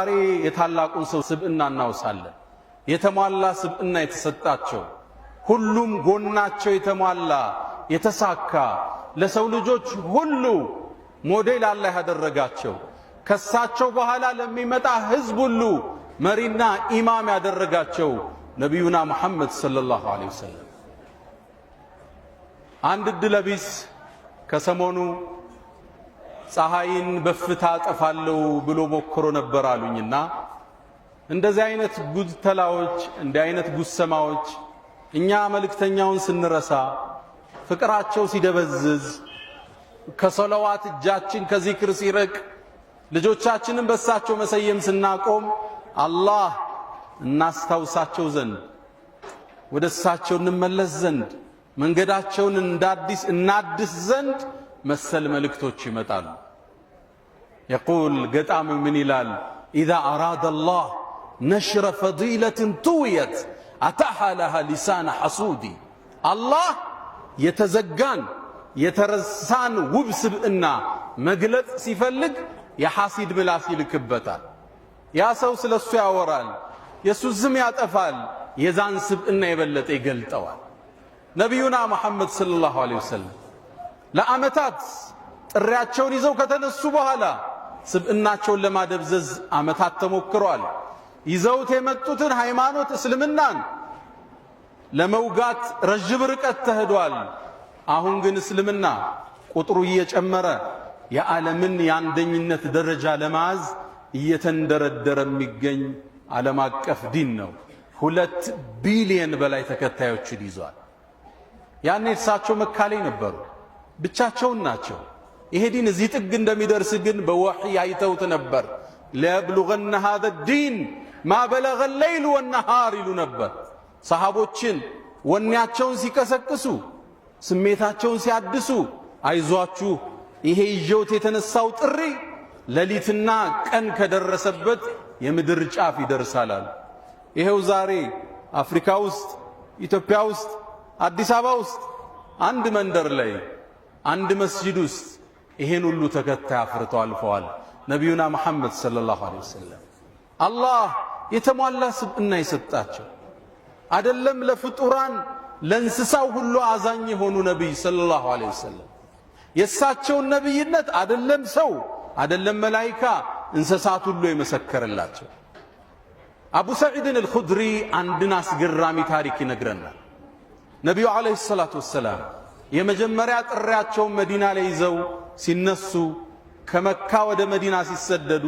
ዛሬ የታላቁን ሰው ስብዕና እናውሳለን። የተሟላ ስብዕና የተሰጣቸው ሁሉም ጎናቸው የተሟላ የተሳካ ለሰው ልጆች ሁሉ ሞዴል አላህ ያደረጋቸው ከሳቸው በኋላ ለሚመጣ ህዝብ ሁሉ መሪና ኢማም ያደረጋቸው ነቢዩና መሐመድ ሰለላሁ ዐለይሂ ወሰለም አንድ ዕድለ ከሰሞኑ ፀሐይን በፍታ ጠፋለው ብሎ ሞክሮ ነበር አሉኝና እንደዚህ አይነት ጉተላዎች እንዲህ አይነት ጉሰማዎች እኛ መልእክተኛውን ስንረሳ ፍቅራቸው ሲደበዝዝ ከሰለዋት እጃችን ከዚክር ሲርቅ ልጆቻችንን በሳቸው መሰየም ስናቆም አላህ እናስታውሳቸው ዘንድ ወደ እሳቸው እንመለስ ዘንድ መንገዳቸውን እንዳዲስ እናድስ ዘንድ መሰል መልእክቶች ይመጣሉ። የቁል ገጣሚ ምን ይላል? ኢዛ አራደ አላህ ነሽረ ፈዲለትን ትውየት አታሓ ለሃ ሊሳነ ሐሱዲ አላህ የተዘጋን የተረሳን ውብ ስብዕና መግለጽ ሲፈልግ የሐሲድ ምላስ ይልክበታል። ያ ሰው ስለ እሱ ያወራል፣ የእሱ ዝም ያጠፋል፣ የዛን ስብዕና የበለጠ ይገልጠዋል። ነቢዩና መሐመድ ሰለላሁ ዐለይሂ ወሰለም ለዓመታት ጥሪያቸውን ይዘው ከተነሱ በኋላ ስብዕናቸውን ለማደብዘዝ ዓመታት ተሞክሯል። ይዘውት የመጡትን ሃይማኖት እስልምናን ለመውጋት ረዥም ርቀት ተሄዷል። አሁን ግን እስልምና ቁጥሩ እየጨመረ የዓለምን የአንደኝነት ደረጃ ለመያዝ እየተንደረደረ የሚገኝ ዓለም አቀፍ ዲን ነው። ሁለት ቢሊየን በላይ ተከታዮችን ይዟል። ያኔ እርሳቸው መካሌ ነበሩ፣ ብቻቸውን ናቸው። ይሄ ዲን እዚህ ጥግ እንደሚደርስ ግን በወሕይ አይተውት ነበር። ለብሉገነ ሃዘ ዲን ማበለገ ሌይል ወነሃር ይሉ ነበር። ሰሃቦችን ወኔያቸውን ሲቀሰቅሱ፣ ስሜታቸውን ሲያድሱ አይዟችሁ ይሄ ይዤውት የተነሳው ጥሪ ሌሊትና ቀን ከደረሰበት የምድር ጫፍ ይደርሳላል። ይሄው ዛሬ አፍሪካ ውስጥ፣ ኢትዮጵያ ውስጥ፣ አዲስ አበባ ውስጥ አንድ መንደር ላይ አንድ መስጂድ ውስጥ ይሄን ሁሉ ተከታይ አፍርተው አልፈዋል። ነቢዩና መሐመድ ሰለላሁ ዐለይሂ ወሰለም አላህ የተሟላ ስብዕና የሰጣቸው አደለም ለፍጡራን ለእንስሳው ሁሉ አዛኝ የሆኑ ነቢይ ሰለላሁ ዐለይሂ ወሰለም የእሳቸውን ነቢይነት አደለም ሰው አደለም መላይካ እንስሳት ሁሉ የመሰከረላቸው። አቡ ሰዒድን አልኹድሪ አንድን አስገራሚ ታሪክ ይነግረናል። ነቢዩ ዐለይሂ ሰላቱ ወሰላም የመጀመሪያ ጥሪያቸውን መዲና ላይ ይዘው ሲነሱ ከመካ ወደ መዲና ሲሰደዱ